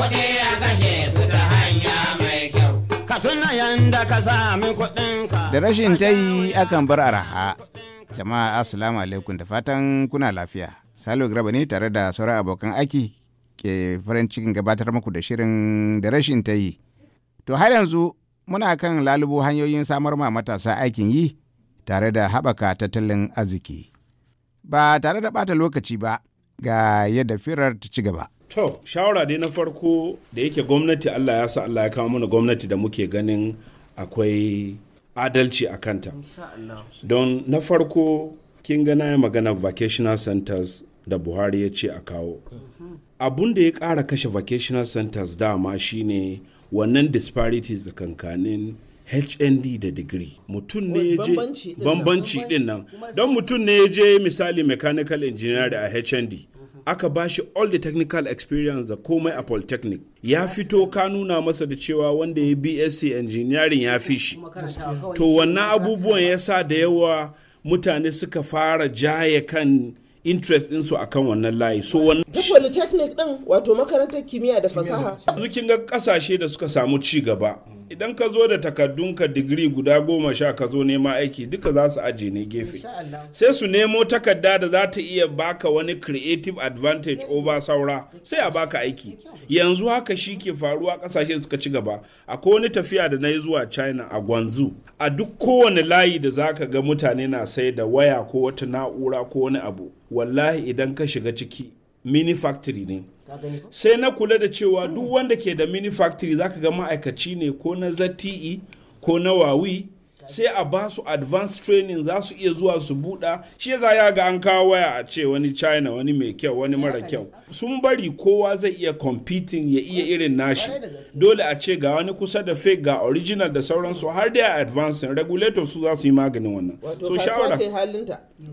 kuɗi a kashe su ta hanya mai kyau. Ka tuna yanda ka sami kuɗinka. Da rashin ta yi akan bar araha. Jama'a Assalamu alaikum da fatan kuna lafiya. Salo Graba ne tare da sauran abokan aiki ke farin cikin gabatar muku da shirin da rashin ta yi. To har yanzu muna kan lalubo hanyoyin samar ma matasa aikin yi tare da haɓaka tattalin arziki. Ba tare da ɓata lokaci ba ga yadda firar ta ci gaba. To, shawara dai na farko da yake gwamnati Allah ya sa Allah ya kawo mana gwamnati da muke ganin akwai adalci a kanta. Don na farko kin gana ya magana vocational centers da Buhari ya ce a kawo. Mm-hmm. Abun da ya ƙara kashe vocational centers dama shine wannan disparities tsakankanin kankanin HND da degree mutum ne bambanci din nan don mutum ne ya je misali mechanical engineering a HND aka ba shi all the technical experience da komai a polytechnic ya fito ka nuna masa da cewa wanda ya bsc engineering ya fi shi to wannan abubuwan ya sa da yawa mutane suka fara jaye kan interest ɗinsu a kan wannan layi so wannan ta polytechnic ɗin wato makarantar kimiyya da fasaha yanzu kin ga ƙasashe da suka samu ci gaba idan ka zo da takardunka digiri guda goma sha ka zo nema aiki duka za su aje ne gefe sai su nemo takarda da za ta iya baka wani creative advantage over saura sai a baka aiki yanzu haka shi ke faruwa kasashe suka ci gaba akwai wani tafiya da na yi zuwa china a gwanzu a duk kowane layi da za ka ga mutane na sai da waya ko wata na'ura ko wani abu wallahi idan ka shiga ciki mini factory ne sai na kula da cewa duk wanda ke da mini factory zaka ga ma'aikaci ne ko na zte ko na wawi sai a ba su advanced training za su iya zuwa su buɗa shi za ya ga an kawo waya a ce wani china wani mai kyau wani mara kyau sun bari kowa zai iya competing ya iya irin nashi dole a ce ga wani kusa da fake ga original da sauransu har dai a advancing regulator su za su yi maganin wannan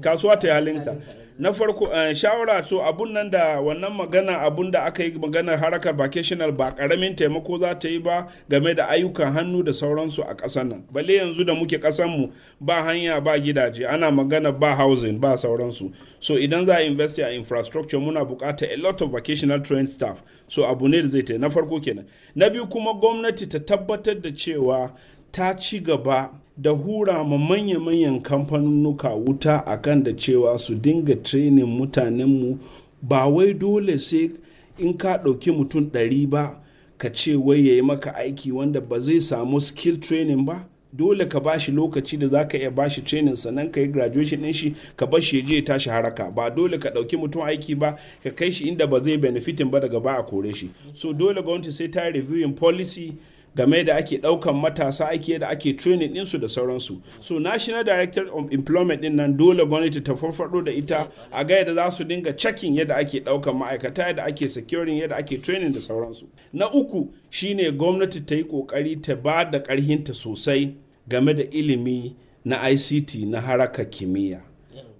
kasuwa ta halinta na farko eh, shawara so abun nan da wannan magana abun da aka yi magana harakar vacational ba karamin taimako za ta yi ba game da ayyukan hannu da sauransu a ƙasan nan bale yanzu da muke ƙasar mu ba hanya ba gidaje ana magana ba housing ba sauransu so idan za a invest a infrastructure muna buƙatar a lot of vocational trained staff so abu ne da zai ta na farko kenan na biyu kuma gwamnati ta tabbatar da cewa ta ci gaba da hura ma manya-manyan kamfanunuka wuta akan da cewa su dinga training mutanenmu ba wai dole sai in ka ɗauki mutum ɗari ba ka ce wai ya yi maka aiki wanda ba zai samu skill training ba dole ka ba shi lokaci da za ka iya ba shi training sannan ka yi graduation din shi ka bar shi je tashi haraka ba dole ka ɗauki mutum aiki ba ka kai shi inda ba zai benefitin ba daga ba a kore shi so dole gwamnati sai ta reviewing policy game da ake daukan matasa ake da ake training ɗinsu da sauransu so national director of employment din nan dole gwamnati ta farfado da ita a ga yadda za su dinga checking yadda ake daukan ma'aikata yadda ake securing yadda ake training da sauransu na uku shine gwamnati ta yi kokari ta ba da karhinta sosai game da ilimi na ICT na haraka kimiyya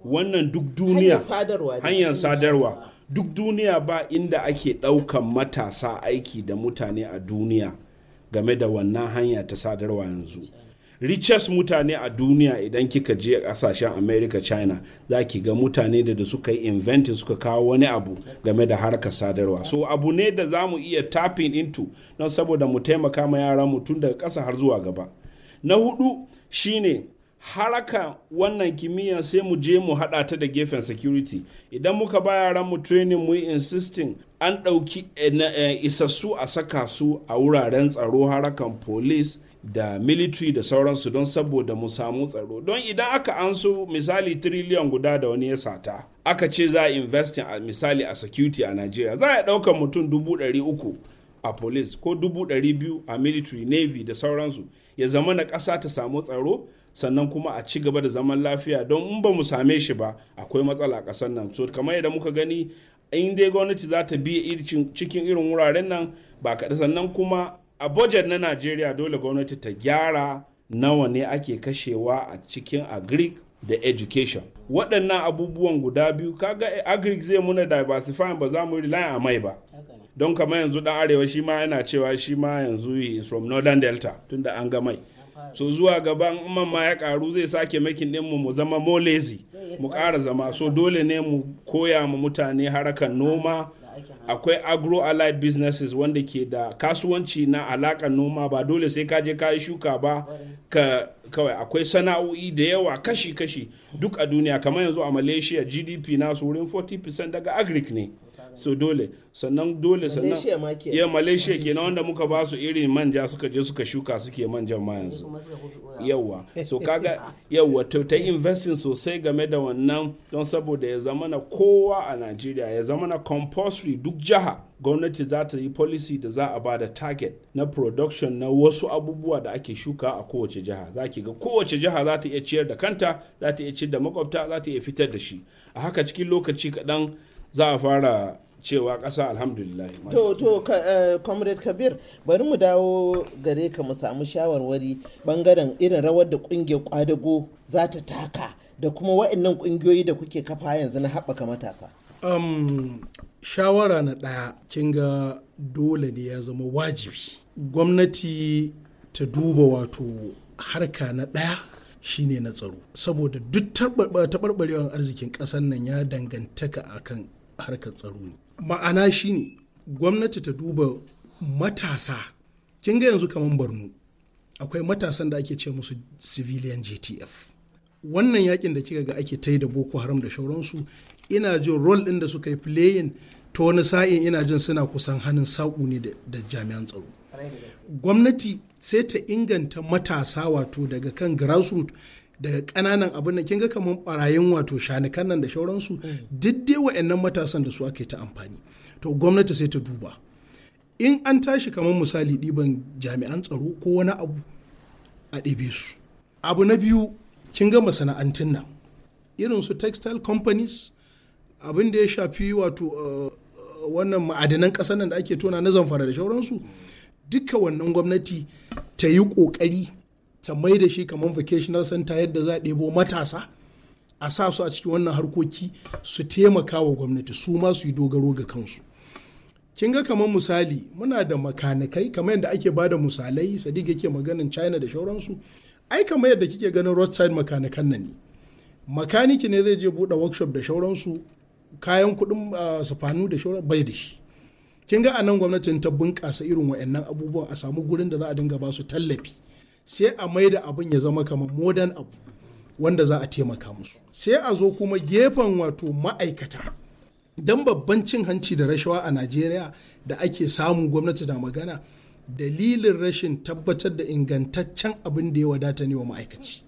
wannan duk duniya hanyar sadarwa duk duniya ba inda ake ɗaukan matasa aiki da mutane a duniya game da wannan hanya ta sadarwa yanzu richest mutane a duniya idan kika je kasashen america china za ki ga mutane da suka yi inventing suka kawo wani abu game da harkar sadarwa so abu ne da za mu iya tapping into don saboda mu taimaka ma yara mu tun daga ƙasa har zuwa gaba na hudu shine haraka wannan kimiyya sai mu je mu hada ta da gefen security idan muka ba yaran mu training mu insisting an ɗauki eh, eh, isassu a saka su a wuraren tsaro harakan police da military da sauransu don saboda mu samu tsaro don idan aka anso misali trillion guda da wani ya sata aka ce za a invest in misali a security a nigeria za a ɗaukar mutum dubu ɗari uku a police ko dubu ɗari biyu a military navy da sauransu ya zama na ƙasa ta samu tsaro sannan kuma a ci gaba da zaman lafiya don in ba mu same shi ba akwai matsala a ƙasar nan so kamar yadda muka gani in dai gwamnati za ta bi cikin irin wuraren nan ba kaɗa sannan kuma a budget na najeriya dole gwamnati ta gyara nawa ne ake kashewa a cikin agric da education waɗannan abubuwan guda biyu kaga agri zai muna diversifying ba za mu rely a mai ba don kamar yanzu ɗan arewa shi ma yana cewa shi ma yanzu from northern delta tunda an ga mai so zuwa gaban imam ma ya karu zai sake makin dinmu mu zama molezi mu kara zama so dole ne mu koya ma mutane harakan noma akwai agro allied businesses wanda ke da kasuwanci na alakan noma ba dole sai kaje ka yi shuka ba ka kawai akwai sana'o'i da yawa kashi-kashi duk a duniya kamar yanzu a malaysia gdp nasu wurin 40% daga agric ne so dole sannan dole sannan ya malaysia kenan wanda muka ba su irin manja suka je suka shuka suke manja ma yanzu yawa so kaga yawa to ta investing sosai game da wannan don saboda ya zama na kowa a nigeria ya zama na compulsory duk jiha gwamnati za ta yi policy da za a ba da target na production na wasu abubuwa da ake shuka a kowace jiha za ki ga kowace jiha za ta iya ciyar da kanta za ta iya ciyar da makwabta za ta iya fitar da shi a haka cikin lokaci kaɗan za a fara cewa ƙasa alhamdulillah to to eh, comrade kabir bari mu dawo gare ka mu samu shawarwari bangaren irin rawar da kungiyar kwadago za ta taka da kuma wa'annan kungiyoyi da kuke kafa yanzu na haɓaka matasa shawara na ɗaya kin ga dole ne ya zama wajibi gwamnati ta duba wato harka na ɗaya shine na tsaro saboda duk taɓarɓarewar arzikin ƙasar nan ya dangantaka akan harkar tsaro ne ma'ana shine gwamnati ta duba matasa kin ga yanzu kamar borno akwai matasan da ake ce musu civilian gtf wannan yakin da kika ga ake ta da boko haram da shauransu ina jin rol ɗin da suka yi playing ta wani sa'in ina jin suna kusan hannun saƙu ne da jami'an tsaro gwamnati sai ta inganta matasa wato daga kan grassroots daga ƙananan abin nan kin ga kamar barayin wato shanukan nan da shauransu hmm. duk dai wa'annan matasan da su ake ta amfani to gwamnati sai ta duba in an tashi kamar misali ɗiban jami'an tsaro ko wani abu a ɗebe su abu na biyu kin ga masana'antun nan irin su textile companies abin da ya shafi wato eh, wannan ma'adanan ƙasar nan da ake tona na zamfara da shauransu duka wannan gwamnati ta yi ƙoƙari ta mai da shi kamar vocational center yadda za a ɗebo matasa a sa su a cikin wannan harkoki su taimaka wa gwamnati su ma su yi dogaro ga kansu kin ga kamar misali muna da makanikai kamar yadda ake ba da misalai sadiq yake maganin china da shauransu ai kamar yadda kike ganin roadside makanikan nan ne makaniki ne zai je buɗe workshop da shauransu kayan kuɗin sufanu da shauran bai da shi kin ga anan gwamnatin ta bunƙasa irin wa'annan abubuwan a samu gurin da za a dinga ba su tallafi sai a mai da abin ya zama kamar modern abu wanda za a taimaka musu sai a zo kuma gefen wato ma'aikata don babban cin hanci da rashawa a najeriya da ake samun gwamnati na magana dalilin rashin tabbatar da ingantaccen abin da ya wadata ne wa ma'aikaci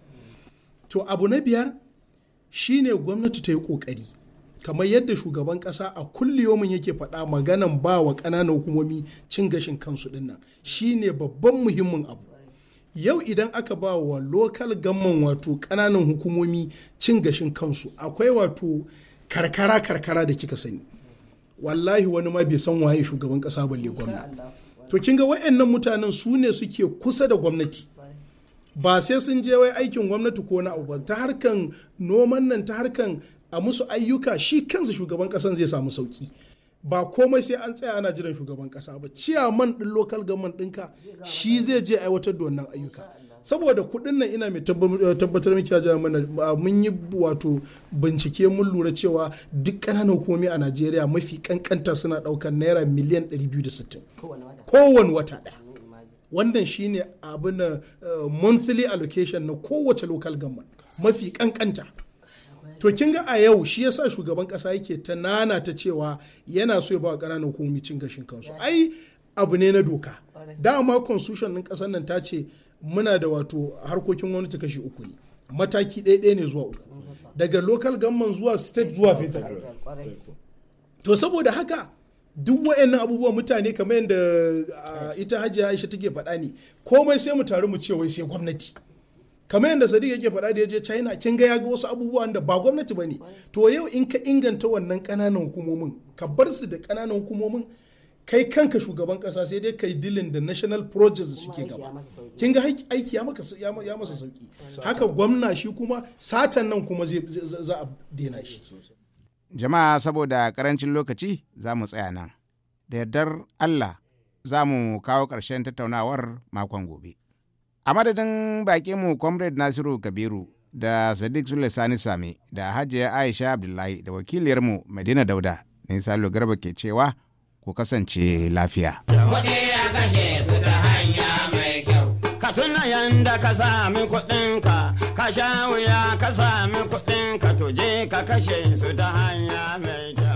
to abu na biyar shine gwamnati ta yi kokari kamar yadda shugaban kasa a kulliyomin yake faɗa maganan ba wa ƙananan hukumomi cin gashin kansu dinnan shine babban muhimmin abu yau idan aka ba wa lokal gamman wato ƙananan hukumomi cin gashin kansu akwai wato karkara karkara da kika sani wallahi wani ma bai san waye shugaban ƙasa balle gwamna to kin ga wayannan mutanen su ne suke kusa da gwamnati ba sai sun je wai aikin gwamnati ko na abu ta harkan noman nan ta harkan a musu ayyuka shi kansu shugaban ƙasan zai samu sauki ba komai sai an tsaya ana jiran shugaban kasa ba ciyaman din local government ɗinka shi zai je aiwatar da wannan ayyuka saboda kuɗin nan ina mai eh, tabbatar miki ajiya mana mun yi wato bincike mun lura cewa duk ƙananan hukumomi a najeriya mafi kankanta suna ɗaukar naira miliyan 260 kowane wata ɗaya wannan shine abin eh, monthly allocation na kowace local government mafi kankanta to kin ga a yau shi yasa shugaban kasa yake ta nana ta cewa yana so ya ba ƙananan hukumomi cin gashin kansu ai abu ne na doka dama constitution din kasar nan ta ce muna da wato harkokin gwamnati kashi uku ne mataki ɗaya ɗaya ne zuwa uku daga local government zuwa state zuwa federal to saboda haka duk wa'annan abubuwa mutane kamar yadda ita hajiya aisha take faɗa ne komai sai mu taru mu ce wai sai gwamnati kamar yadda sadiq yake faɗa da ya je china kin ga ya ga wasu abubuwan da ba gwamnati ba ne to yau in ka inganta wannan ƙananan hukumomin ka bar su da ƙananan hukumomin kai kanka shugaban ƙasa sai dai kai dilin da national projects suke gaba kin ga aiki ya masa ya masa sauki haka gwamna shi kuma satan nan kuma za a dena shi jama'a saboda karancin lokaci za mu tsaya nan da yardar Allah za mu kawo ƙarshen tattaunawar makon gobe a madadin mu comrade nasiru kabiru da sadiq sule sani sami da hajiya aisha abdullahi da wakiliyar mu madina dauda ne salo garba ke cewa ku kasance lafiya ka tuna yanda ka sami kuɗinka ka sha wuya ka sami kuɗinka tuje ka kashe su ta hanya mai kyau